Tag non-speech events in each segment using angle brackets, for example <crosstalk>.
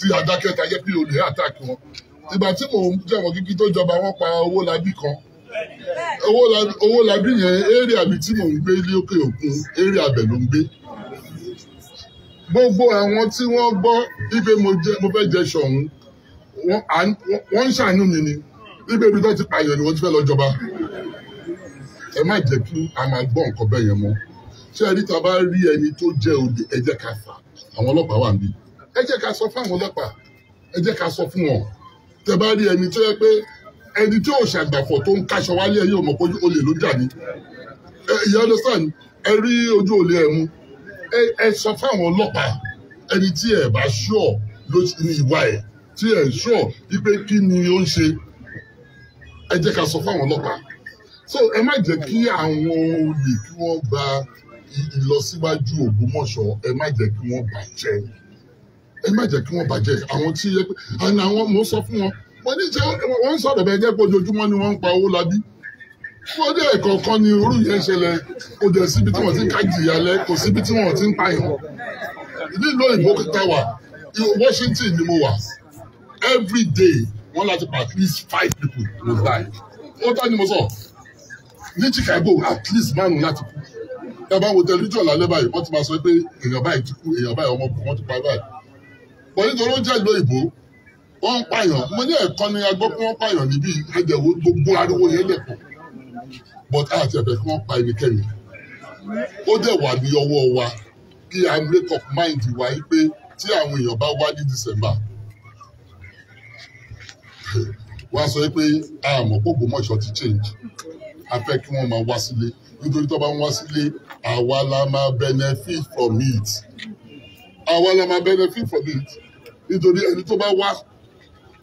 tí adákẹ́ta jẹ́ pé olè àtàkì wọn ìgbà tí mò ń jẹ̀wọ̀n kíkí tó jọba wọ́n pa owó labí kan owó labí yẹn eré àbí tí mò ń gbé ilé òkè òkun eré abẹ ló ń gbé gbogbo àwọn tí wọ́n gbọ́ ibi mo fẹ́ jẹ ṣọ̀hún wọ́n ń ṣàánú mi ni ibi ibi tó ti pààyàn ni wọ́n ti fẹ́ lọ jọba ẹ má jẹ́ kí a máa gbọ́ nǹkan bẹ́ẹ̀ yẹn mọ́ ṣé ẹ rí ta bá rí ẹni tó jẹ́ òde ẹ jẹ́ ká fà àwọn ọlọ́pàá wà níbí ẹ jẹ́ ká sọ fún àwọn ọlọ́pàá ẹ jẹ́ ká sọ fún wọn tẹ bá rí ẹni tó yẹ pé ẹni tí ò ṣàgbàfọ̀ tó ń káṣọ wálé ẹ̀yìn ọmọ pé olè ló jà ní you understand ẹ rí ojú olè ẹ̀ mú ẹ sọ fún àwọn ọlọ́pàá ẹni tí ẹ bá ṣọ ló ní ìwà ẹ tí ẹ ṣọ wípé kí ni ó ń ṣe ẹ jẹ́ ká sọ fún àwọn ọlọ́pàá so ẹ má jẹ́ kí àwọn olè kí wọ́n gba ìlọsíwájú Ògbómọ̀ṣọ́ ẹ má jẹ́ kí wọ́n bàjẹ́ ẹ má jẹ́ kí wọ́n bàjẹ́ àwọn tí yẹ pé àná àwọn mò ń sọ fún wọn wọ́n ní jẹ́ wọ́n ń sọ̀rọ̀ bẹ́ẹ̀ jẹ́ pé ojoojúmọ́ ni wọ́n ń pa owó labí wọ́n dé ẹ̀kọ̀ọ̀kan ni orú yẹn ṣẹlẹ̀ kò jẹ́ síbi tí wọ́n ti ń ká jìyà lẹ kò síbi tí wọ́n ti ń pààyàn nílò ìbò kíkà wà Washington ni mo wà every day wọ́n láti pa at least five people ló die ó tá ni mo sọ ní Chicago at least márùn láti kú ẹ bá wo tẹlifíṣàn lálẹ́ báyìí wọ́n ti máa sọ pé èèyàn báyìí ti kú èèyàn báyìí ọmọ kù wọ́n ti pa báyìí pọ̀ nítorí ó jẹ́ ìlú òyìnbó wọ́n ń pààyàn mo ní ẹ̀kọ́ ni a gbọ́ pé wọ́n pààyàn níbí àjẹwò gbogbo ariwo yẹn lẹ̀ pọ̀ but a ti ẹ̀bẹ̀ fún wọn pa ẹnikẹ́ni ó dẹ̀ wà ní ọwọ́ wa kí a make up mind wa pé tí àwọn èèyàn bá wá ní December wọ́n á sọ pé a mọ̀ pé ti change a fẹ́ kí wọ́n máa wá sílé nítorí tó bá ń wá sílé àwa la máa benefit from it àwa la máa benefit from it nítorí ẹni tó bá wá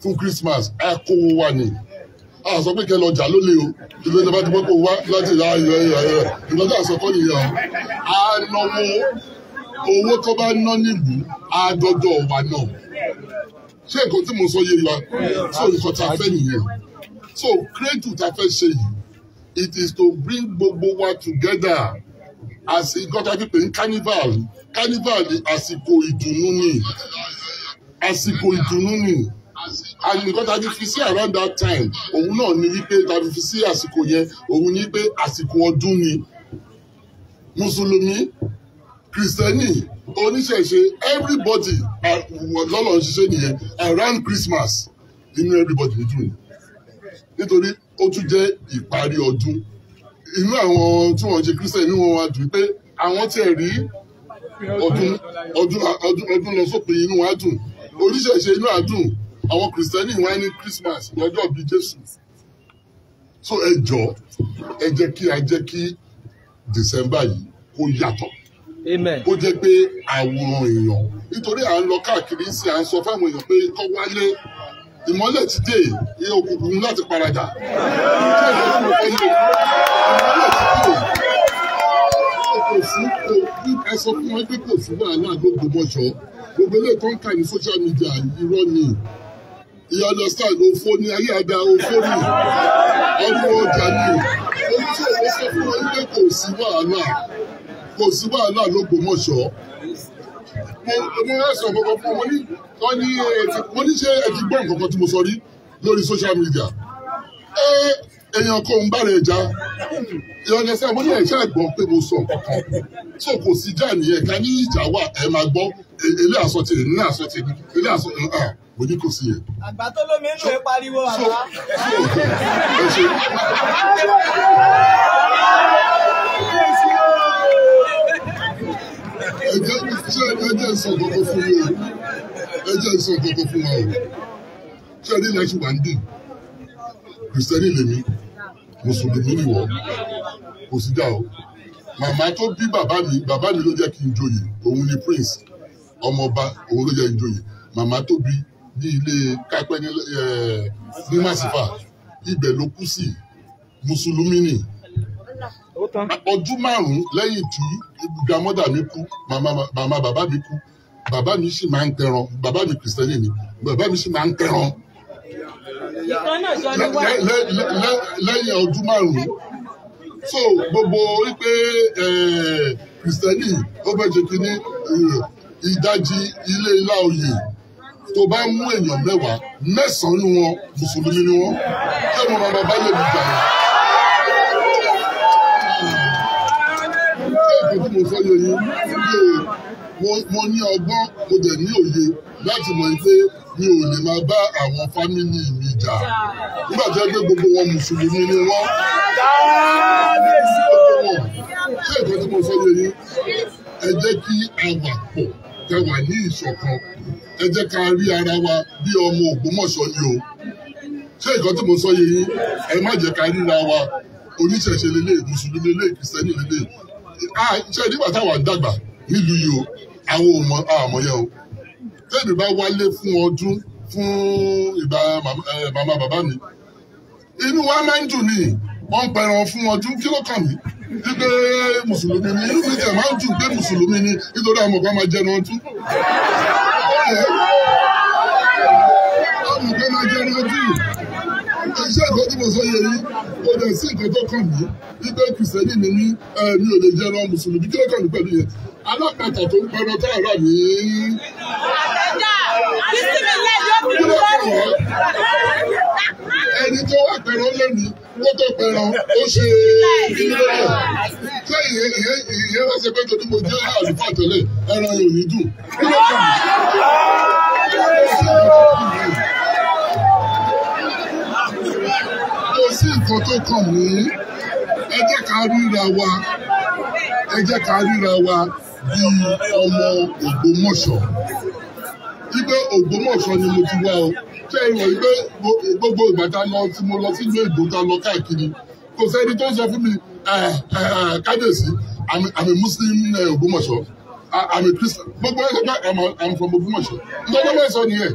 fún Christmas á kó owó wá ni a sọ pé kẹ lọ jà lólè o ìlú ìjọba ti pẹ́ kó wá láti ìlà ìlà ìlà ìlà ìlú ìjọba àsọkọ́ nìyẹn o a náwó owó tó bá ná nílùú á dọ́dọ̀ wa náà ṣé nǹkan tí mo sọ yé wa so nǹkan tá a fẹ́ nìyẹn so credo tá a fẹ́ ṣe yìí it is to bring gbogbo wa together as nǹkan tá a fi pè ní carnival carnival àsìkò ìdùnnú ni àsìkò ìdùnnú ni and nǹkan tá a ti fi sí around that time òun náà ni wípé tá a fi sí àsìkò yẹn òun ni pé àsìkò ọdún ni mùsùlùmí kìrìsìtẹ́nì oníṣẹ̀ṣe everybody lọ́lọ́ ṣiṣẹ́ nìyẹn around Christmas inú everybody ní dùn nítorí ó tún jẹ́ ìparí ọdún inú àwọn tí wọ́n ṣe kìrìsìtẹ́nì inú wọn wá dùn pé àwọn tiẹ̀ rí ọdún ọdún ọdún lọ sópin inú wa dùn oríṣiríṣi inú àdùn àwọn kìrìsìtẹ́nì wá ní Christmas lọ́jọ́ bíi Jésù so ẹ jọ ẹ jẹ́ kí a jẹ́ kí December yìí kó yàtọ̀ kó jẹ́ pé àwòrán èèyàn nítorí à ń lọ káàkiri sí à ń sọ fáwọn èèyàn pé kọ́ wálé ìmọ́lẹ̀ ti dé iye òkùnkùn láti paradà ìmọ́lẹ̀ ti dé kò sí kò ẹ sọ fún wọn pé kò sí wàhálà lóògùn mọ́ṣọ́ gbogbo ilé kan kà ní social media irọ́ ni you understand òfò ni ayé àgbà òfò ni ọdún ọjà ni ohun tí òun sọ fún wọn pé kò sí wàhálà kò sí wàhálà lóògùn mọ́ṣọ́ mo rẹ sọ kankan fún wọn wọn ní mo ní ṣe ẹtì gbọ́ nǹkan tí mo sọ rí lórí social media ẹ èèyàn kò ń bá rẹ̀ já ìyọ̀nà sẹ́yìn mo ní ẹ̀jẹ̀ gbọ́ pé mo sọ nǹkan kan so kò sí já nìyẹn ká ní ìjà wà ẹ máa gbọ́ ilé àsọtì ní àsọtì ilé àsọtì ní à mo ní kò sí yẹn. àgbà tó lómi ń lè pariwo àbá. ẹjẹ ṣe ẹjẹ sọ gbogbo fún mi ẹjẹ sọ gbogbo fún wa o ṣé ẹni láti wà ń dùn kìrìsìtẹ́nì lèmi mùsùlùmí nìwọ kò sí dà o màmá tó bí bàbá mi bàbá mi ló jẹ́ kí n joyè òun ni prince ọmọọba òun ló jẹ́ kí n joyè màmá tó bí ní ilé kápẹ́ ní ní màsífà ibẹ̀ ló kú sí mùsùlùmí ni ọdún márùn-ún lẹ́yìn tí grandmother mi kú màmá bàbá mi kú bàbá mi sì máa ń tẹran bàbá mi kìrìsìtẹ́nì ni bàbá mi sì máa ń tẹran lẹ́yìn ọdún márùn so gbogbo wípé eh, kristẹni ó fẹ́ ṣe kínní eh, ìdajì ilé ilá oyè tó bá mú èèyàn mẹ́wàá mẹ́sàn ni wọn mùsùlùmí ni wọn ṣé mo bá lè mi jà ṣé èkó tí mo sọ yẹ yín mo ní ọgbọ́n mo dẹ̀ ní òye láti mọ̀ pé mi ò lè máa bá àwọn fámìlì mi jà nígbà tí wọ́n gbé gbogbo wọn mùsùlùmí ni wọ́n. ṣé ìkan tí mo sọ yẹ yín ẹ jẹ́ kí a wà pọ̀ ká wà ní ìṣọ̀kan ẹ jẹ́ ká rí ara wa bí ọmọ Ògbómọ̀ṣọ́ ni o ṣé ìkan tí mo sọ yẹ yín ẹ má jẹ́ ká ríra wa oníṣẹ̀ṣe lélẹ̀ mùsùlùmí lélẹ̀ kìrìsìtẹ́nì lélẹ̀ ṣé nígbà táwa dàgbà nílùú yìí o àwọn òmò àmọyẹ o tẹ́mi bá wálé fún ọdún fún ìgbà màmá bàbá mi inú wa máa ń dùn mí wọ́n ń pẹran fún ọdún kí ló kàn mí wípé mùsùlùmí ni inú mi jẹ máa ń dùn pé mùsùlùmí ni nítorí àwọn ọ̀gá máa jẹun ọdún. àwọn ọ̀gá máa jẹun ọdún iṣẹ́ ìkọ́ tí mo sọ yẹ yìí kò dẹ̀ sí nǹkan tó kàn mí wípé kìsẹ́nì ni mí mi ò lè jẹun mùsùlùmí kí ló kàn mí pẹ̀lú yẹn alápatà tó ń pẹnu tá a rà ní. àtẹ̀jà bísímìlẹ̀ yóò fi lù lọ́rùn. ẹni tó wà pẹ̀rọ lónìí ló tó pẹ̀rọ ó ṣe ìdílé ṣé ìyẹn ìyẹn ìyẹn wá ṣe pé torí mo jẹ́ àlùfáà tẹ́lẹ̀ ẹran yóò ní dùn. kí ló kàn kò sí nǹkan tó kàn mí ẹ jẹ́ ká ríra wa ẹ jẹ́ ká ríra wa bí ọmọ Ògbómọ̀ṣọ́ wípé Ògbómọ̀ṣọ́ ni mo ti wá o ṣé ẹ rò gbogbo ìgbà lọ tí mo lọ sílùú Èkó tá lọ káàkiri kò sẹ́ni tó ń sọ fún mi eh, eh, eh, kábíyèsí àmì Muslim Ògbómọ̀ṣọ́. I'm a Christian. Gbogbo ẹ̀sọ́ pé I'm, I'm from Ògbómọ̀ṣọ́. Nítorí ọmọ ẹ̀sọ́ nìyẹn.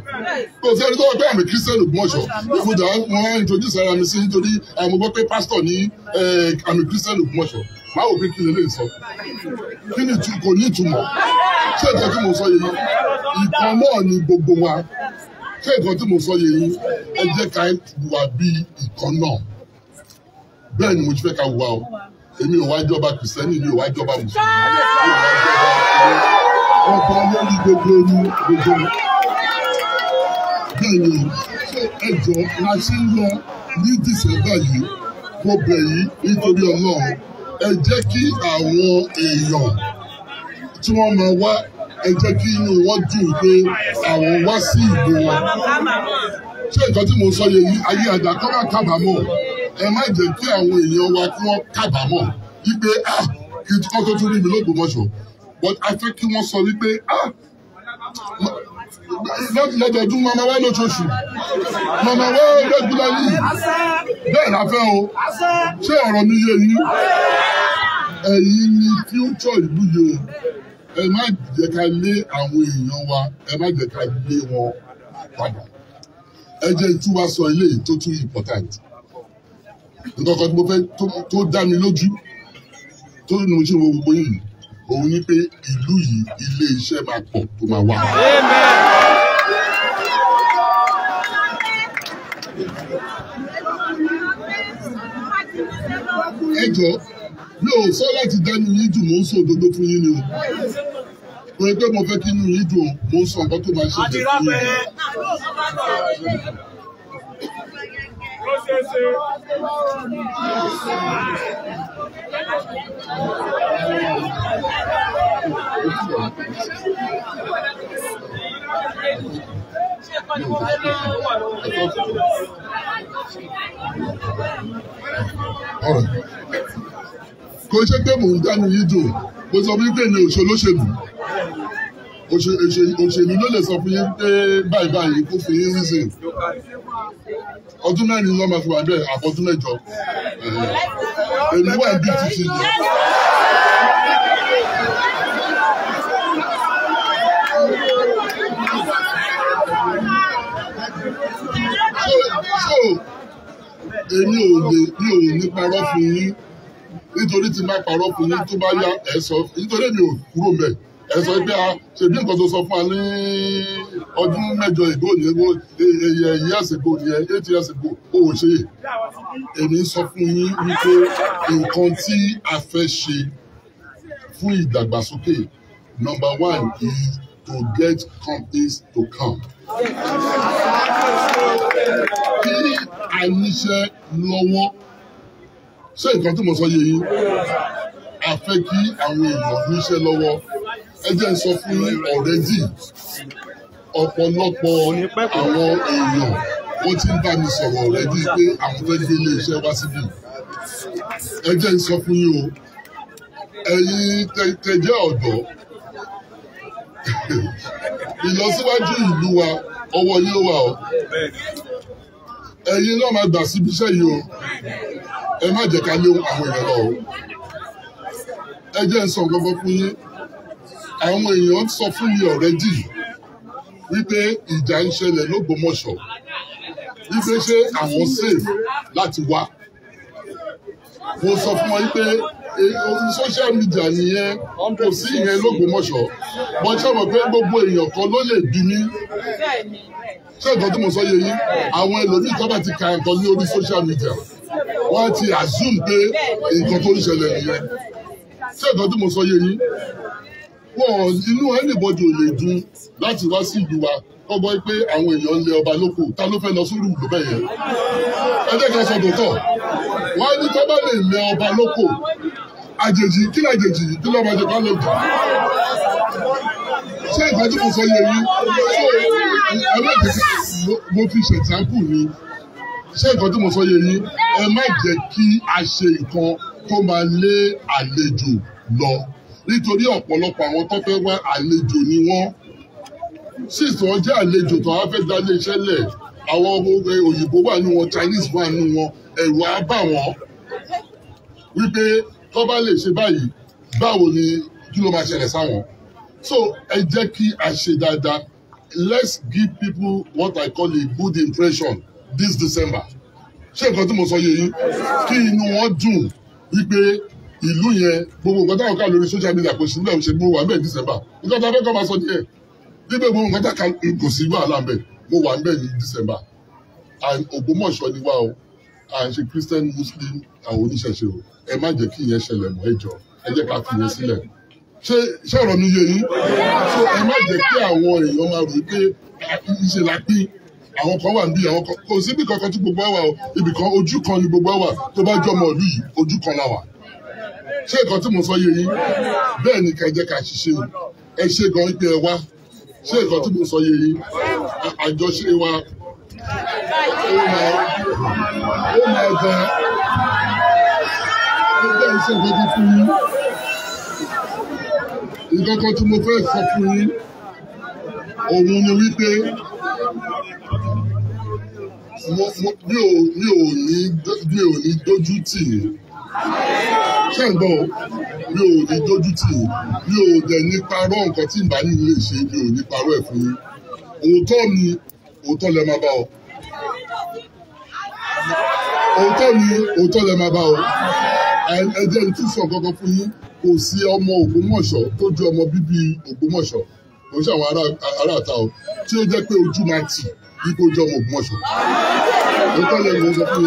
Kò sí ẹni tó wọ pé I'm a Christian Ògbómọ̀ṣọ́. Ìfúdà wọn á introduce ara mi sí nítorí àwọn eh, ọmọ pé pastor ní eh, I'm a Christian Ògbómọ̀ṣọ́. Màá wò pé kí lè lè sọ. Kí ni kò ní ìtumọ̀? Ṣé ìtàn tí mo sọ yìí? Ìkan náà ni gbogbo wa. Ṣé ìkan tí mo sọ yìí? Ẹ jẹ́ ká wà bí ìkan náà. Bẹ́ẹ̀ ni mo ti fẹ́ ká wà o. Èmi ò wá jọba Kìrìsìtẹ́nì, mi ò wá jọba Mùsùlùmí ọba lórí gbogbo ẹni gbogbo bẹ́ẹ̀ ni ẹjọ́ la ṣe ń lọ ní dísẹ́mbà yìí mo bẹ̀ yín nítorí ọlọ́run ẹ jẹ́ kí àwọn èèyàn tí wọ́n máa wá ẹ jẹ́ kí inú wọn dùn pé àwọn wá sí ìbò wọn. ṣé nǹkan tí mo sọ yẹ yìí ayé àdàkọ́ máa kábàámọ̀ ẹ má jẹ́ kí àwọn èèyàn wa kí wọ́n kábàámọ̀ wípé ah kí wọ́n tó tún rí mi lóògbé mọ́ṣọ́ but I fẹ́ you wọ́n sọ wípé ah lọ́dọọdún mama wá lóṣooṣù mama wá regularly bẹ́ẹ̀ la fẹ́ o ṣé ọ̀rọ̀ mi yé yín ẹ̀yin ni future ìlú yìí o ẹ má jẹ́ ká lé àwọn èèyàn wa ẹ má jẹ́ ká lé wọn padà ẹ jẹ́ tí wàá sọ eléyìí tó tún important nǹkan kan tó dá mi lójú tó ní mo ṣe wo gbogbo yìí òun ni pé ìlú yìí ilé iṣẹ́ máa pọ̀ tó máa wà. ẹ jọ mi ò sọ láti dánú yín jù mò ń sọ òdodo fún yín ni o torí pé mo fẹ́ kí inú yín dùn mò ń sọ nǹkan tó máa ṣe fún yín. Ó ṣeé ṣe kò ṣe pé mò ń dánu yín jò mo sọ wípé mi ò ṣe olóṣèlú òṣèlú ló lè sọ fún yín pé báyìí báyìí kó fún yín reason ọdún mẹ́rin ló máa fi wà bẹ́ẹ̀ àbọ̀dún mẹ́jọ èmi wà bí títí ni. so èmi ò lè mi ò ní parọ́ fún yín nítorí tí n bá parọ́ fún yín tó bá yá ẹ̀ sọ nítorí mi ò kúrò mẹ́ẹ̀ ẹ sọ pé a ṣe bí nǹkan tó sọ fún wa ní ọdún mẹ́jọ ìgò yẹn years ago yẹn eight years ago ó ò ṣe èmi sọ fún yín wípé nǹkan tí a fẹ́ ṣe fún ìdàgbàsókè number one is to get companies to come. kí àníṣe lọ́wọ́ ṣé nǹkan tí mo sọ yé yín a fẹ́ kí àwọn èèyàn níṣẹ́ lọ́wọ́ ẹ jẹ́ n sọ fún yín ọ̀rẹ́dì ọ̀pọ̀lọpọ̀ àwọn èèyàn wọ́n ti ń bá mi sọ̀rọ̀ ọ̀rẹ́dì pé àwọn fẹ́ gbé ilé iṣẹ́ wá síbí ẹ jẹ́ n sọ fún yín o ẹ̀yin tẹ̀jẹ́ ọ̀dọ́ ìlọsíwájú ìlú wa ọwọ́ yín ló wà o ẹ̀yin náà máa gbà síbi iṣẹ́ yìí o ẹ má jẹ́ ká lé àwọn èèyàn lọ o ẹ jẹ́ sọ gbogbo fún yín àwọn èèyàn ń sọ fún mi already wípé ìjà ń ṣẹlẹ̀ lógbómọ̀ṣọ́ wípé ṣé àwọn safe láti wá mo sọ fún wọn wípé e, social media nìyẹn kò sí ìyẹn lógbómọ̀ṣọ́ mo ṣe mọ̀ pé gbogbo èèyàn kan ló lè bí mi ṣé nǹkan tí mo sọ yé yín àwọn ẹlòmíì tó bá ti ka nǹkan ní orí social media wọ́n ti assume pé nǹkan tó ń ṣẹlẹ̀ nìyẹn ṣé nǹkan tí mo sọ yé yín wọn inú anybody ò lè dùn láti wá sí ìlú wa ọgbọ́n pé àwọn èèyàn ń lé ọba lóko ta ló fẹ́ lọ sórí ìlú bẹ́ẹ̀ yẹn ẹlẹ́gàn sọ̀dọ̀ tọ̀ wọ́n ní tọ́ bá lè lé ọba lóko àjèjì kí ni àjèjì kí lọ́ba jẹ ká lè jà ṣé ìgbà tí mo sọ yẹ yín ẹlẹ́gàn mo fi ṣètàkùn ni ṣé nǹkan tí mo sọ yé yín ẹ má jẹ́ kí a ṣe nǹkan tó máa lé àlejò lọ nítorí ọ̀pọ̀lọpọ̀ àwọn tó fẹ́ wá àlejò ni wọ́n sísè wọn jẹ́ àlejò tó wá fẹ́ dálé iṣẹ́ lẹ̀ àwọn òyìnbó wà nínú wọn Chinese wà nínú wọn ẹ̀rù á bà wọ́n wípé tó bá lè ṣe báyìí báwo ni kí ló máa ṣẹlẹ̀ sáwọn so ẹ jẹ́ kí a ṣe dáadáa let's give people what I call a good impression this December ṣé nǹkan tí mo sọ yẹ yín kí inú wọn dùn wípé ìlú yẹn gbogbo nǹkan táwọn ká lórí social media kò sí nílẹ̀ òṣèlú mo wà níbẹ̀ December nǹkan tá a fẹ́ kọ́ máa sọ díẹ̀ níbẹ̀ gbogbo nǹkan tá a kò sí wàhálà ń bẹ̀ mo wà níbẹ̀ ní December and Ògbómọ̀ṣọ́ ni wá o à ń ṣe Christian Muslim àwọn oníṣẹ̀ṣe o ẹ má jẹ́ kí ìyẹn ṣẹlẹ̀ mọ́ ẹ jọ ẹ jẹ́ ká fi yẹn sílẹ̀ ṣé ṣé ọ̀rọ̀ mi yé yín so ẹ má jẹ́ kí àwọn èèyàn máa rò pé ìṣe la pín àwọn kan wà níbí àwọn kan kò síbi kankan tí gbogbo wa o ibì kan ojú kan ni gbogbo wa tó bá jọmọ ìlú yìí ojú kan la wà ṣé nǹkan tí mo sọ yé yín bẹ́ẹ̀ ni kẹjẹ ká ṣiṣẹ́ ẹ ṣe gan ipe ẹ wá ṣé nǹkan tí mo sọ yé yín àjọṣe wa ó máa ó máa gbà ó bẹ́ẹ̀ ṣe nǹkan tó fún yín nǹkan kan tí mo fẹ́ sọ fún yín òun ni wípé mi ò mi ò ní mi ò ní dójú tì yín kàǹgbọ̀n mi ò ní dójú tì í mi ò dẹ̀ ní parọ́ nǹkan tí ìgbà yìí lè ṣe mi ò ní parọ́ ẹ̀ fún yín òótọ́ ni òótọ́ lẹ máa bá ọ òótọ́ ni òótọ́ lẹ máa bá ọ ẹ jẹ́ n tún sọ kankan fún yín kò sí ọmọ Ògbómọ̀ṣọ́ tó ju ọmọ bíbí Ògbómọ̀ṣọ́ kò sí àwọn aráàta o tí ó jẹ́ pé ojú máa tì bí kò jọ ọmọ Ògbómọ̀ṣọ́ òótọ́ lẹ ń sọ fún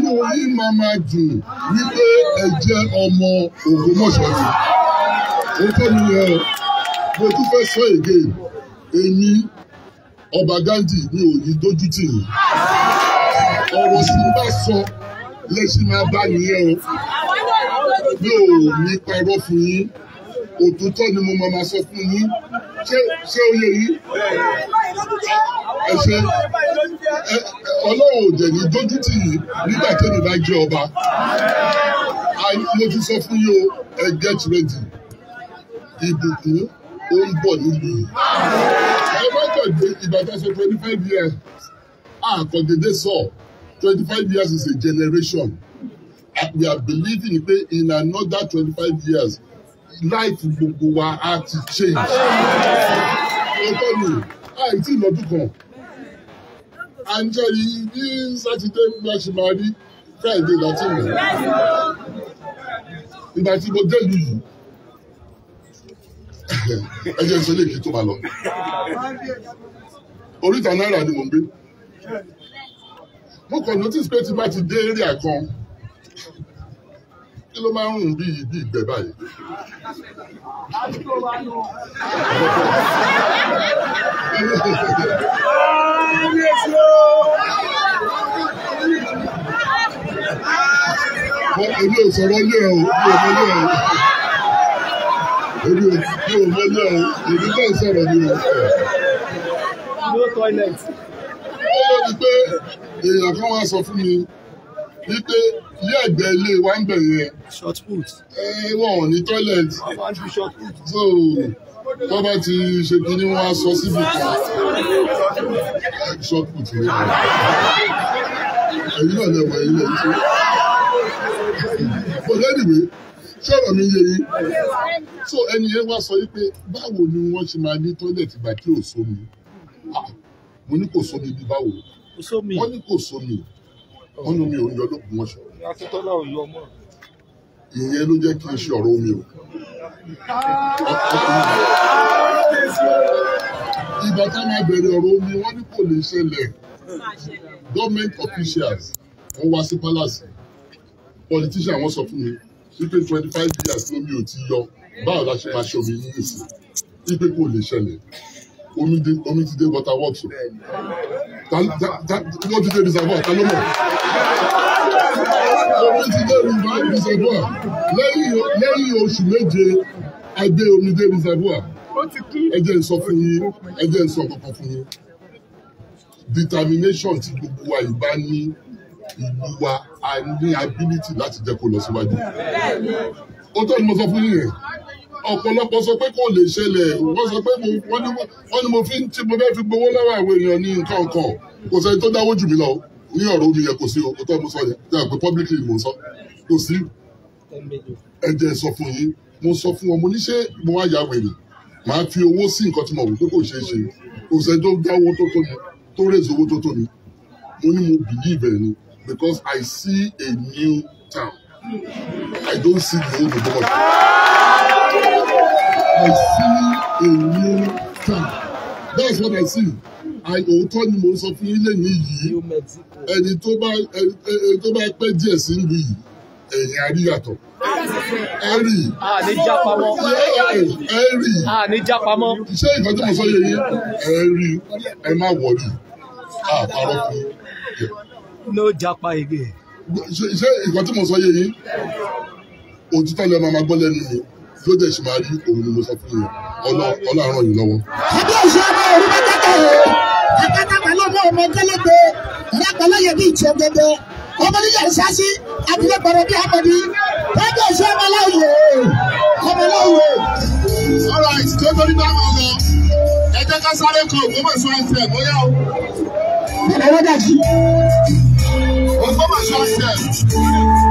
nínú yín máa máa dùn wípé ẹ jẹ́ ọmọ Ògbómọ̀ṣọ́ ni ó tó mi yẹ mo tún fẹ́ sọ èdè èmi ọba Ghandi mi ò ní dójú tì yín ọ̀rọ̀ sì ń bá sọ lẹ́sìn máa bá nìyẹn o mi ò ní parọ́ fún yín òtútọ́ ni mo máa máa sọ fún yín ṣé ṣé oyè yìí ẹ ṣe ọlọ́run òjò ní dójú tì yìí nígbà tẹ́mi bá jẹ́ ọba mo ti sọ fún yín o ẹ get ready ìbùkún ó ń bọ̀ nílùú yìí ẹ má gbàgbé ìgbà tó sọ twenty five years àkọ́gédé sọ twenty five years is a generation we are believing pé in another twenty five years láìfù gbogbo wa á ti change. ọkọ mi àìtí ìlọ́dún kan à ń jẹ́ yìí ní sátidé la ṣe máa rí friday láti mọ̀ ìgbà tí mo dé ìlú yìí <laughs> ẹ jẹ́ sọ léèkì tó máa lọ oríta náírà ni mò ń gbé mo kàn notice pé tí bá ti dé area kan kí ló máa ń rùn bí bí ìgbẹ́ báyìí. èmi ò sọ̀rọ̀ ilé ẹ̀ o mi ò mọ ẹ̀ o èmi ò mi ẹ̀ o èmi náà sọ̀rọ̀ ni o. no toilet. ó pé èèyàn kan wá sọ fún mi wípé ilé ẹ̀gbẹ́ ilé wa ń bẹ̀ yẹn. short put. ẹ wọn ò ní toilet. so tó bá ti ṣe kíní wọn á sọ síbi kan short put rẹ. èyí náà lẹ́wọ̀ èyí lẹ́yìn tó. but anyway sọ̀rọ̀ mi yé yín. so ẹni yẹn wá sọ wípé báwo ni wọ́n ṣe máa ní toilet ìgbà tí ò sómi. Ah, mo ní kò sómi bí báwo. wọ́n ní kò sómi wọ́n ní mi ò ń yọ lókun wọn ṣe. akíntọ́lá ò yọ mọ́. ìyẹn ló jẹ́ kí n ṣe ọ̀rọ̀ omi o. ìgbà tá a máa bẹ̀rẹ̀ ọ̀rọ̀ omi wọ́n ní kò lè ṣẹlẹ̀ government officials wọ́n wá sí palace politician wọ́n sọ fún mi wípé twenty five years lómi ò ti yọ báwo la ṣe máa ṣe omi yìí sí wípé kò lè ṣẹlẹ̀ omi ti dé water works o wọ́n ti dé reservoir ta ló mọ̀. omi ti dé reservoir lẹ́yìn oṣù méje a gbé omi dé reservoir ẹ jẹ́ n sọ fún yín ẹ jẹ́ n sọ kankan fún yín determination tí gbogbo wa yìí bá ní ìlú wa a ní ability láti jẹ́ kó lọ síwájú. ó tọ́ ni mo sọ fún yín yẹn ọ̀pọ̀lọpọ̀ sọ pé kò lè ṣẹlẹ̀ wọ́n sọ pé wọ́n ní mo fi ń tí mo fẹ́ fi gbowó lọ́wọ́ àwọn èèyàn ní nǹkan ọkọ̀ kò sẹ́ni tó dáwó jù mí lọ ní ọ̀rọ̀ omi yẹn kò sí o tó mo sọ yẹn tí a pè publicly mo sọ kò sí ẹ sọ fún yín mo sọ fún wọn mo ní ṣé mo wá ya wèrè màá fi owó sí nǹkan tí mo wù pé kò ṣeé ṣe kò sẹ́ni tó dáwó tó tó mi tó rèézi owó tó tó mi because I see a new town I don't see the old Ogbomọ̀ṣọ́. I see a new star. That's what I see. Àìkòótọ́ ni mò ń sọ fún yín lẹ́yìn yìí. Ẹni tó bá ẹni tó bá pẹ́ díẹ̀ sí ìlú yìí, ẹ̀yìn àríyàtọ̀. Ẹ̀rì. Àní jápamọ́. Ẹ̀rì. Àní jápamọ́. Ṣé ìkan tí mo sọ yẹ yín? Ẹ̀rì ẹ má wọ̀lì. Àpárọ̀ fún yẹ. Ló japa ege. Ṣé ìkan tí mo sọ yẹ yín? Òtítọ́ lẹ́ máa máa gbọ́ lẹ́nu mi yóò dẹ̀ ṣì máa rí òun ni mo sọ fún yín ọlọ́run ràn yín lọ́wọ́. ẹbí ọ̀ṣọ́ ọmọ òru bá tẹ́tẹ̀ o àkàtàkà lọ́mọ ọmọ gẹ́lẹ́gbẹ́ ìyá bí ìtì ọmọ níyà ìṣáṣí àdìlẹ́ pọ̀rọ̀ bí àpọ̀dí ẹbí ọ̀ṣọ́ ọmọ ọmọ láwùjọ. ọ̀rọ̀ àìsíkò tó ní báwọn lọ ẹ ká sáré kan Ògbómọ̀ṣọ́ àti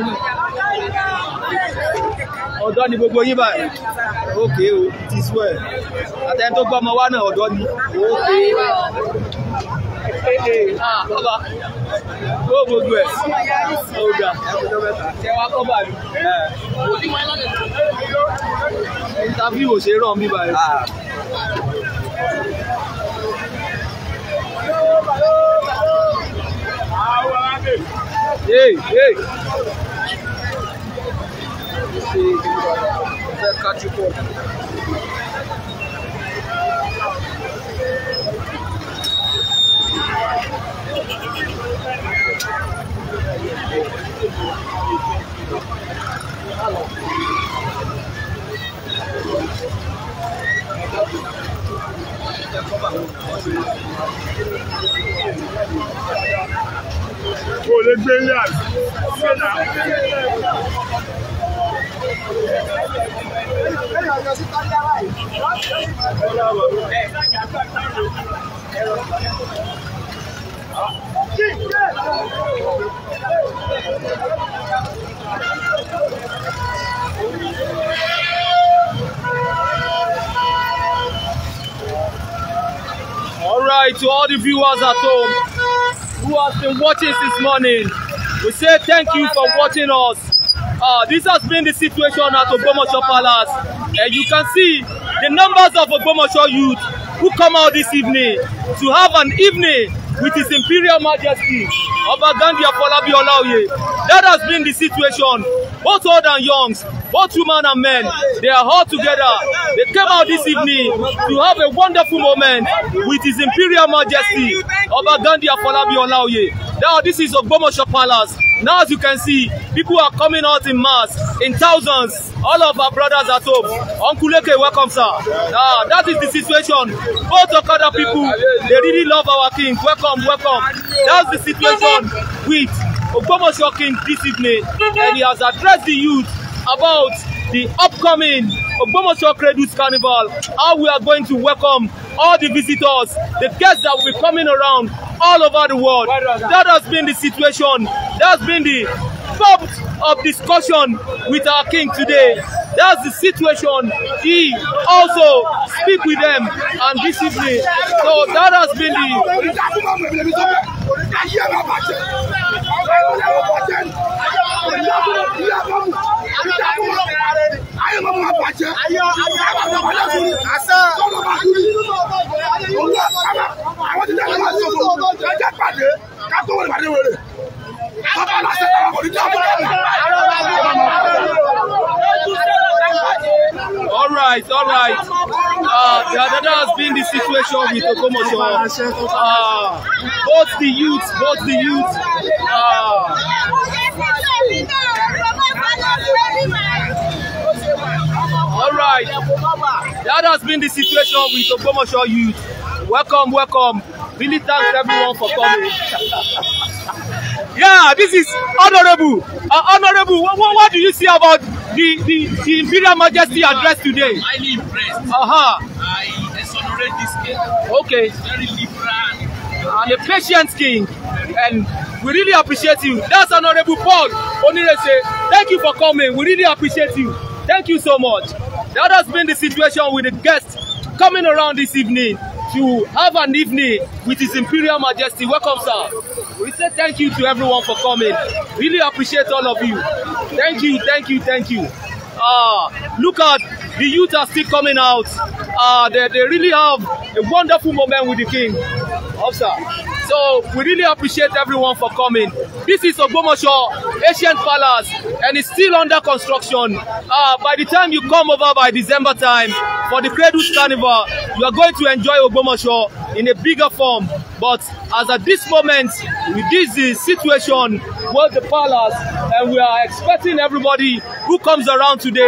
yín ọ̀dọ́ ni gbogbo yín báyìí ókè o ti sú ẹ̀ àtẹni tó gbọ́ ọmọ wa náà ọ̀dọ́ ni ókè ah, ọba ó gbogbo ẹ̀ ọ̀gá ṣe wá kọ́ bàbí. Eh. interview ò ṣe rán bí báyìí. Ah. Àwọn arábìnrin. Ei, ei! Zé Caticô. Thank you. kò lè gbé ilé àbí sẹ́nà. All right, to all the viewers at home who has been watching this morning. We say thank you for watching us. Uh, this has been the situation at Ogbomosho Palace. and uh, you can see the numbers of Ogbomosho youth who come out this evening to have an evening with His Imperial Majesty Oba Gandhi Afolabi Olaoye. That has been the situation, both old and youngs both women and men, they are all together. They came out this evening to have a wonderful moment with His Imperial Majesty, Oba Gandhi Afolabi Olaoye. Now this is Ogbomoso Palace. Now as you can see, people are coming out in mass, in thousands. All of our brothers at home. Uncle Leke, welcome sir. Now that is the situation. Both Okada people, they really love our king. Welcome, welcome. That's the situation with Ogbomoso King this evening. And he has addressed the youth about the upcoming Ogbomoso Cradles Carnival, how we are going to welcome all the visitors, the guests that will be coming around all over the world. That has been the situation. That has been the subject of discussion with our king today. That's the situation. He also speak with them and this discipline. So that has been the... All right, all right. Uh, that, that has been the situation with Okomoto. Uh, both the youth, both the youth. Uh, right. That has been the situation with Ogbomoso youth. Welcome, welcome. Really thanks everyone for coming. <laughs> yeah, this is honorable. Uh, honorable, what, what, what do you see about the, the, the Imperial Majesty address today? Highly impressed. Uh-huh. I exonerate this king. Okay. very liberal. And a patient king. And we really appreciate you. That's Honorable Paul Onirese. Thank you for coming. We really appreciate you. Thank you so much. That has been the situation with the guests coming around this evening to have an evening with His Imperial Majesty. Welcome, sir. We say thank you to everyone for coming. Really appreciate all of you. Thank you, thank you, thank you. Uh, look at the youth are still coming out. Uh, they, they really have a wonderful moment with the king. Officer. So we really appreciate everyone for coming. This is Ogbomosho Asian Palace and it's still under construction. Uh, by the time you come over by December time for the Cradles Carnival, you are going to enjoy Ogbomosho in a bigger form. But as at this moment, with this is situation with the palace, and we are expecting everybody who comes around today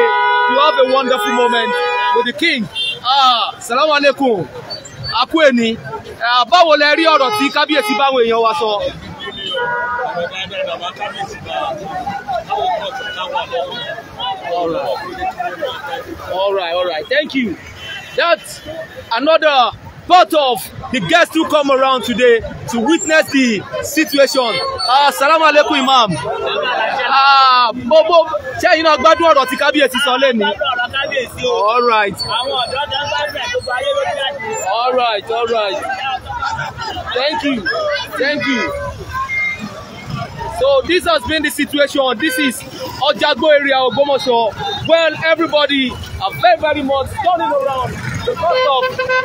to have a wonderful moment with the king. Ah, salam alaikum àkú ẹni báwo lẹ rí ọ̀rọ̀ tí kábíyèsí báwọn èèyàn wa sọ. Thank you. That's another part of the guests who come around today to witness the situation. Uh, ah, Salaam alaikum, Imam. Gbogbo ah, ṣẹ́yìn náà gbádùn ọ̀rọ̀ tí kábíyèsí sọ lẹ́nu kábíyèsí o. all right. àwọn ọ̀dọ́ tó ń bá ṣe àtúgbò ayé ló jáde. all right all right. thank you thank you. So this has been the situation. This is Ojagbo area of Ogbomoso, where everybody are very, very much turning around because of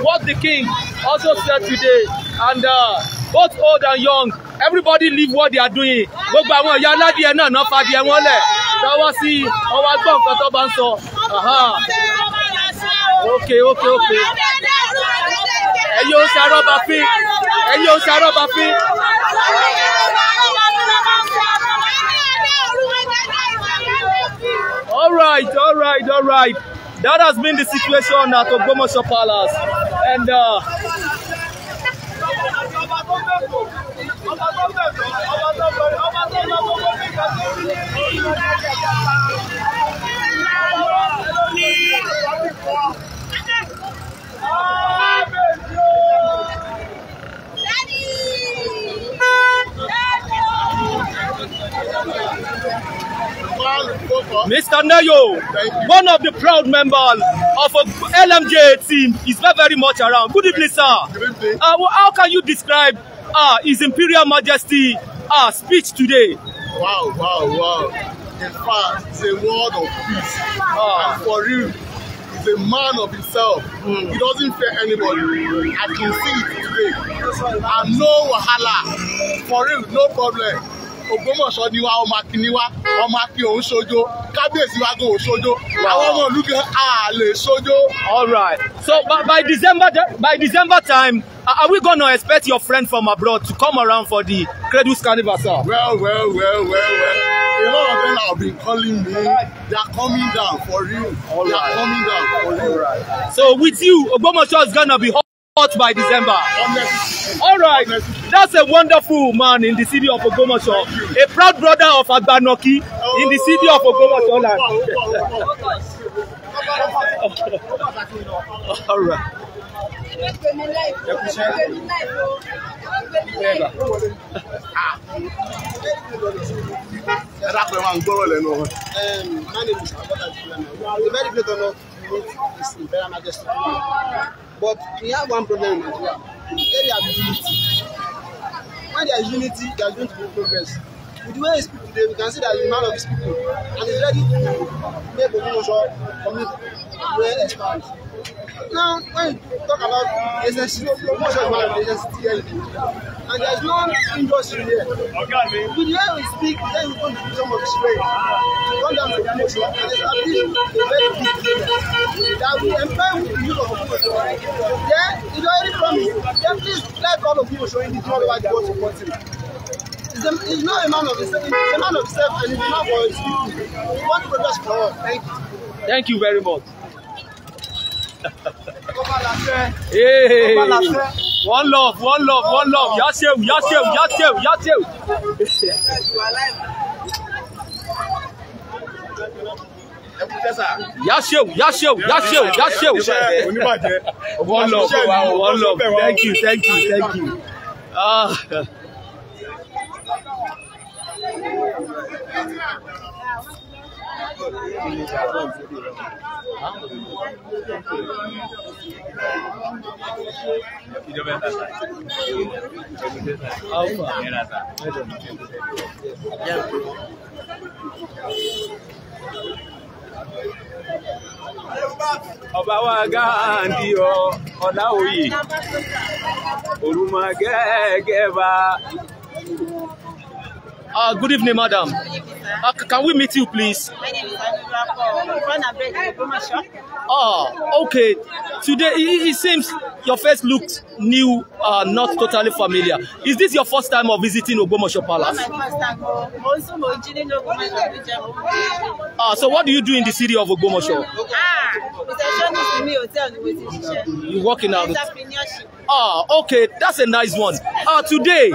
what the king also said today. And uh, both old and young, everybody leave what they are doing. Gbogbo àwọn ìyá aládìẹ náà náà fadìẹ wọn lẹ̀ dáwọ́ sí i ọwọ́ agbọ́ nǹkan tó bá ń sọ. ok ok ok ẹ̀yin ò ń ṣarọ́ba fín ẹ̀yin ò ń ṣarọ́ba fín. All right, all right, all right. That has been the situation at Ogbomosho Palace. And uh, Thank you. Mr. Nayo, one of the proud members of a LMJ team, is very, very much around. Good evening, sir. Uh, well, how can you describe uh, His Imperial Majesty uh, speech today? Wow, wow, wow. In fact, it's a word of peace. Uh, and for real, he's a man of himself. Mm. He doesn't fear anybody. I can see it today. And no wahala. For real, no problem. Ògbómọ̀ṣọ́ ni wá ọmọ akin ni ọmọ akin òun ṣojo kábíyèsí wa gò ṣojo àwọn ọmọ ìlú gan a lè ṣojo. all right so by, by December by December time are we gonna expect your friend from abroad to come around for the Credulous Carnival sir. well well well well well. A lot of them have been calling me. Right. They are coming down for real. All they right. are coming down for real. right. So with you, Ogbomoso is gonna be out by December. All right, that's a wonderful man in the city of Ogbomoso, a proud brother of Agbanoki in the city of Ogbomoso land. <laughs> All right. ẹ um, my name is abdulhamid we are very great to meet his imperial majesty but we have one problem in Nigeria area unity when there is unity there is going to be progress with the way he speak today we can see that the is man of these people and he is ready to make Ogbomoso community well expand. Now, when you talk about SSC, most of about SSTL, and there's no industry here. Okay, With the way we speak, then we come to some of Israel. We come down to the nation and establish a very big business that will empower the use of Okoso. Yeah, it's already promised. Then please let all of you show showing this all over the world supporting is a, is not a man of himself, he's a man of himself and he's a man for his people. One progress for all. Thank you. Thank you very much. One love, one love, one love. Yasew, Yasew, Yasew, Yasew. Yasew, Yasew, Yasew, Yasew. One love, one love. Thank you, thank you, thank you. Ah. Uh. Ọba wa Gáàndì ọ, Ọláoyè, Olùmọ̀ gẹ́gẹ́ bá. Uh, good evening, madam. uh, can we meet you, please? My name ah, okay. Today, it, it seems your face looks new, uh, not totally familiar. Is this your first time of visiting Ogbomoso Palace? Uh, so what do you do in the city of Ogbomoso? Ah, you work in out. Ah, okay, that's a nice one. Uh, today,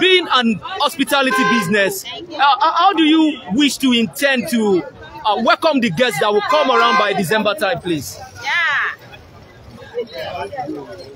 being an hospitality business, uh, uh, how do you wish to intend to uh, welcome the guests that will come around by December time, please? Yeah.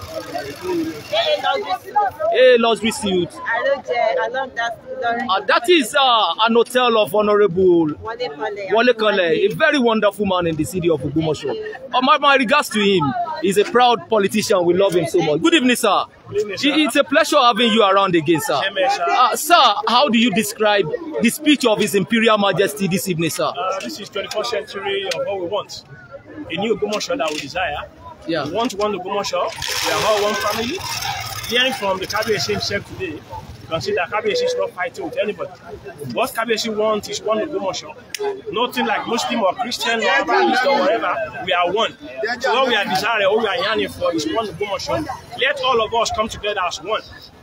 A lost receipt. Uh, that is uh, an hotel of Honorable Wale Kale, a very wonderful man in the city of Ogumosho. Uh, um, my, my regards to him. He's a proud politician. We love him so much. Good evening, sir. It's a pleasure having you around again, sir. Uh, sir, how do you describe the speech of His Imperial Majesty this evening, sir? Uh, this is 21st century of what we want. A new Ogumosho that we desire. Yeah. One to one Ogbomoso. We are all one family. Hearing from the Kabiyesi himself today, you can see that Kabiyesi is not fighting with anybody. What Kabiyesi wants is one Ogbomoso. Nothing like Muslim or Christian, Baptist or whatever. We are one. So what we are desiring, what we are yearning for is one Ogbomoso. Let all of us come together as one.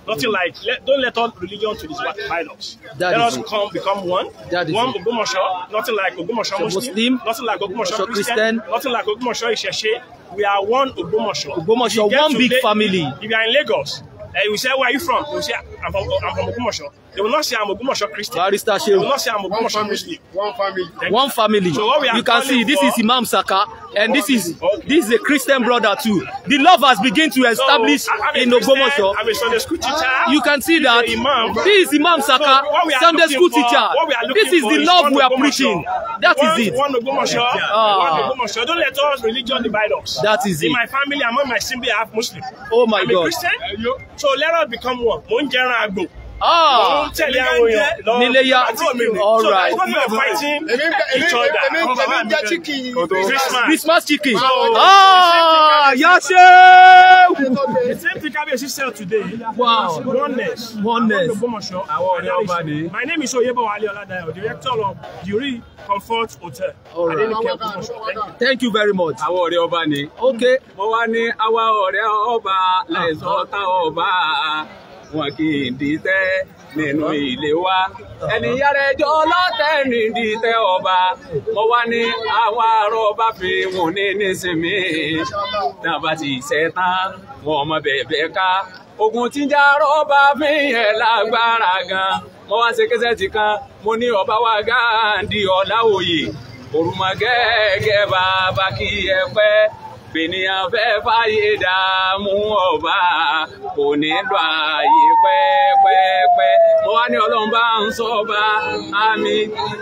Nothing like let, don't let all religion to divide us. That let us come become one. That one Ogbomoso, nothing like Ogbomoso Muslim, Muslim, nothing like Ogbomoso Christian, Christian, nothing like Ogbomoso Ìṣẹ̀ṣe. We are one Ogbomoso. Ogbomoso, one big Le family. If you are in Lagos, and uh, we say where are you from? We say I'm from I'm from They will not say I'm Ogumosho Christian. Barrister They will not say I'm Ogumosho Muslim. One family. one family. So what we are You can see this is Imam Saka and this is this is a Christian brother too. The love has begun to establish so, in Ogumosho. I'm a Sunday school teacher. You can see that imam. this is Imam Saka, so, Sunday school for, teacher. This is the love we are preaching. That is it. One Ogumosho, ah. Don't let us religion divide us. That is in it. In my family, among my siblings, I have Muslim. Oh my I'm God. a Christian, so let us become one. Mo ń jẹran Oh, ah! àwọn all right èmi ń jẹ́ chicken christmas chicken ah, yá ṣe. the same thing kábíyèsí sell today wow oneness oneness Ògbómọ̀ṣọ́ àwọn my name is oyebowale oladayo director of Yuri comfort hotel All right. thank you very much. àwọn ọ̀rẹ́ ọba ni. okay. mo wá ní àwa ọ̀rẹ́ ọba láìsọ wọn kì í dìtẹ̀ nínú ilé wa ènìyàn rẹ̀ jọ lọ́tẹ̀ ní ọba mo wá ní àwọn àárọ̀ bá fi wọn ní nísìmí náà bá ti ṣẹ́ wọn ọmọ ká ogun tí ń já fi yẹn lágbára gan mo wá ṣe kan mo ní ọba wa bàbá kí bènìyàn fẹ́ fàyè dààmú ọba kò ní lọ àyè pẹ́pẹ́pẹ́ mo wá ní ọlọ́run bá ń sọ́ba àmì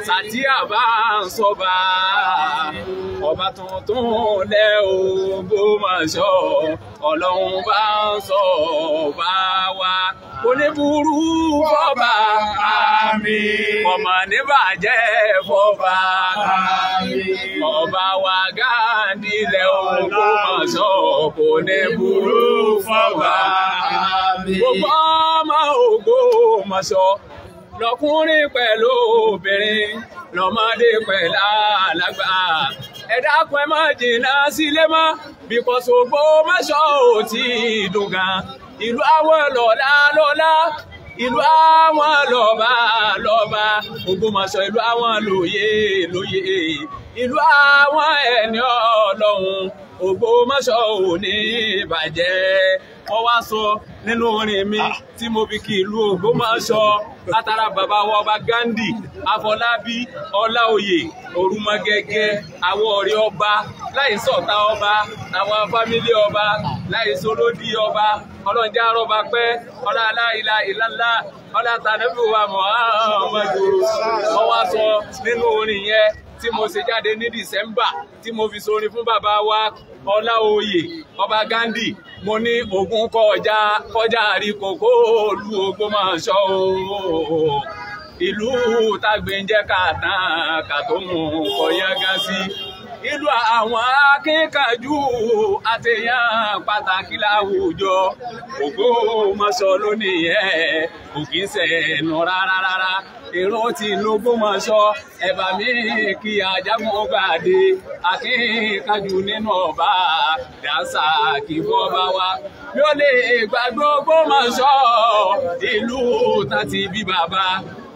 sàtíà bá ń sọ́ba ọba tuntun lẹ Ògbómọ̀ṣọ́ ọlọ́run bá ń sọ́ba wa oníburú fọba àmì ọmọ níbàjẹ́ fọba àmì ọba wa gáàdì lẹ Ògbómọ̀ṣọ́ kó máa sọ kò ní burú fáwa. gbogbo ọmọ ògo máa sọ lọkùnrin pẹ̀lú obìnrin lọ́mọdé pẹ̀lú àlágbà ẹ dákun ẹ má jìnnà sílé mọ́ bíkọ́sì Ògbómọ̀ṣọ́ ò tí ì dùn gan ìlú àwọn lọ́lá lọ́lá ìlú àwọn lọ́ba lọ́ba Ògbómọ̀ṣọ́ ìlú àwọn lóye lóye ìlú àwọn ẹni ọlọ́run Ògbómọ̀ṣọ́ ò ní ìbàjẹ́ wọ́n wá sọ nínú orin mi tí mo fi kí ìlú Ògbómọ̀ṣọ́ látara bàbá wa ọba Gandhi Afọlábí Ọláoyè Òrùmọgẹgẹ Àwórì ọba láì sọ̀tá ọba àwọn fámílì ọba láì sọlódì ọba ọlọ́njà rọba pẹ́ ọlá aláìlá ìlàlá ọlá tànẹ́bùwà Muhammadu wọ́n wá sọ nínú orin yẹn tí mo ṣe jáde ní December tí mo fi sorin fún bàbá wa Ọláoyè ọba Gandhi mo ní ogun kọjá kọjá àríkòkò olú Ògbómọ̀ṣọ́ ooo ìlú tágbéǹjẹ kàtàn kàtó mú kọyán gán sí ìlú àwọn akínkanjú àtẹ̀yàn pàtàkì láwùjọ Ògbómọ̀ṣọ́ lónìí ẹ̀ òkì ń sẹ̀nu rárá rárá èrò ti lọ Ògbómọ̀ṣọ́ ẹ̀bà mi kí ajagun gbàdé akínkanjú nínú ọba dànsá kí bọ́ba wa yóò lè gbàgbọ́ Ògbómọ̀ṣọ́ ìlú tàti bí bàbá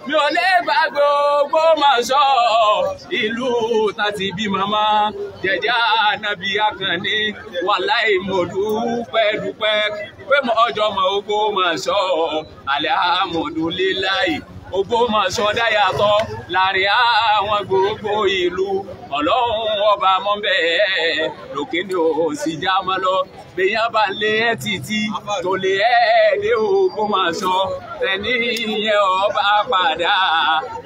mi ò lè bá gbogbo máa sọ ìlú tàti bí màmá jẹjẹ ànábì Àkànní wàláì mo dúpẹ́ dúpẹ́ pé mo ọjọ́ mọ̀ ogbó máa sọ alihamudulilayi. Ògbómọ̀ṣọ́ dáyàtọ̀ láàrin àwọn gbogbo ìlú ọlọ́run ọba mọ́bẹ̀ lókè ni ò sì já mọ́ lọ bẹ́yàn bá lé ẹ́ e títí tó lé ẹ́ e dé Ògbómọ̀ṣọ́ ẹni ìyẹn ọba padà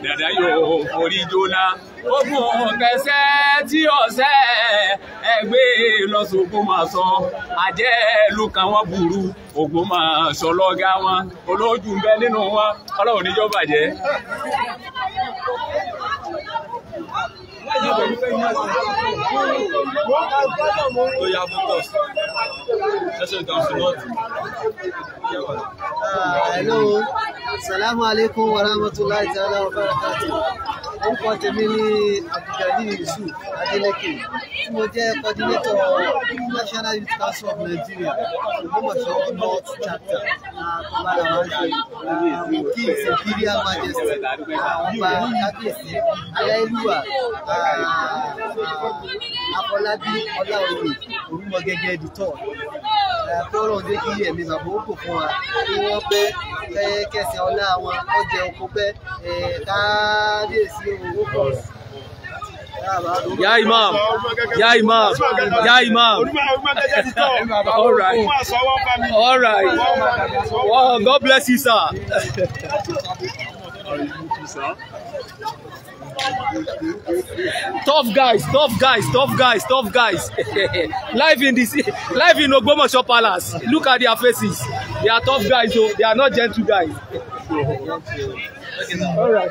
dàdá yóò forí jóná. ogun kẹsẹ́ tí ọ̀sẹ́ ẹgbẹ́ lọ́sọ̀gbọ́n máa sọ àjẹ́ ló kan burú ògùn máa sọ wọn olójú bẹ nínú wọn Salamu alaikum wa rahmatulahi ta'ala wa barakatuh. Orúkọ tèmi ni Abdulgani Yusuf Adeleke. Tí mo jẹ́ coordinator National Youth Council of Nigeria, Ògbómọ̀ṣọ́ North Chapter, Àkọ́bára wa ṣe àwọn Kings Imperial Majesty, ọba Kábíyèsí, Aláìlúwà, ah, Afọlábí Ọláoyè, orúkọ gẹ́gẹ́ di tọ́ọ̀ kọ́rọ̀ jẹ́ kí ẹ̀mí bàbá ó kò fún wa kí wọ́n pẹ́ kẹ́kẹ́sẹ̀ ọlá ọlá wọn ọjẹ oko pẹ kábíyèsí owó pọ. Ya imam, ya imam, ya imam. All right, all right. Wow, God bless you, sir. tough guys tough guys tough guys tough guys <laughs> live in this live in Ogbomoso Palace look at their faces They are tough guys, so oh. they are not gentle guys. All right.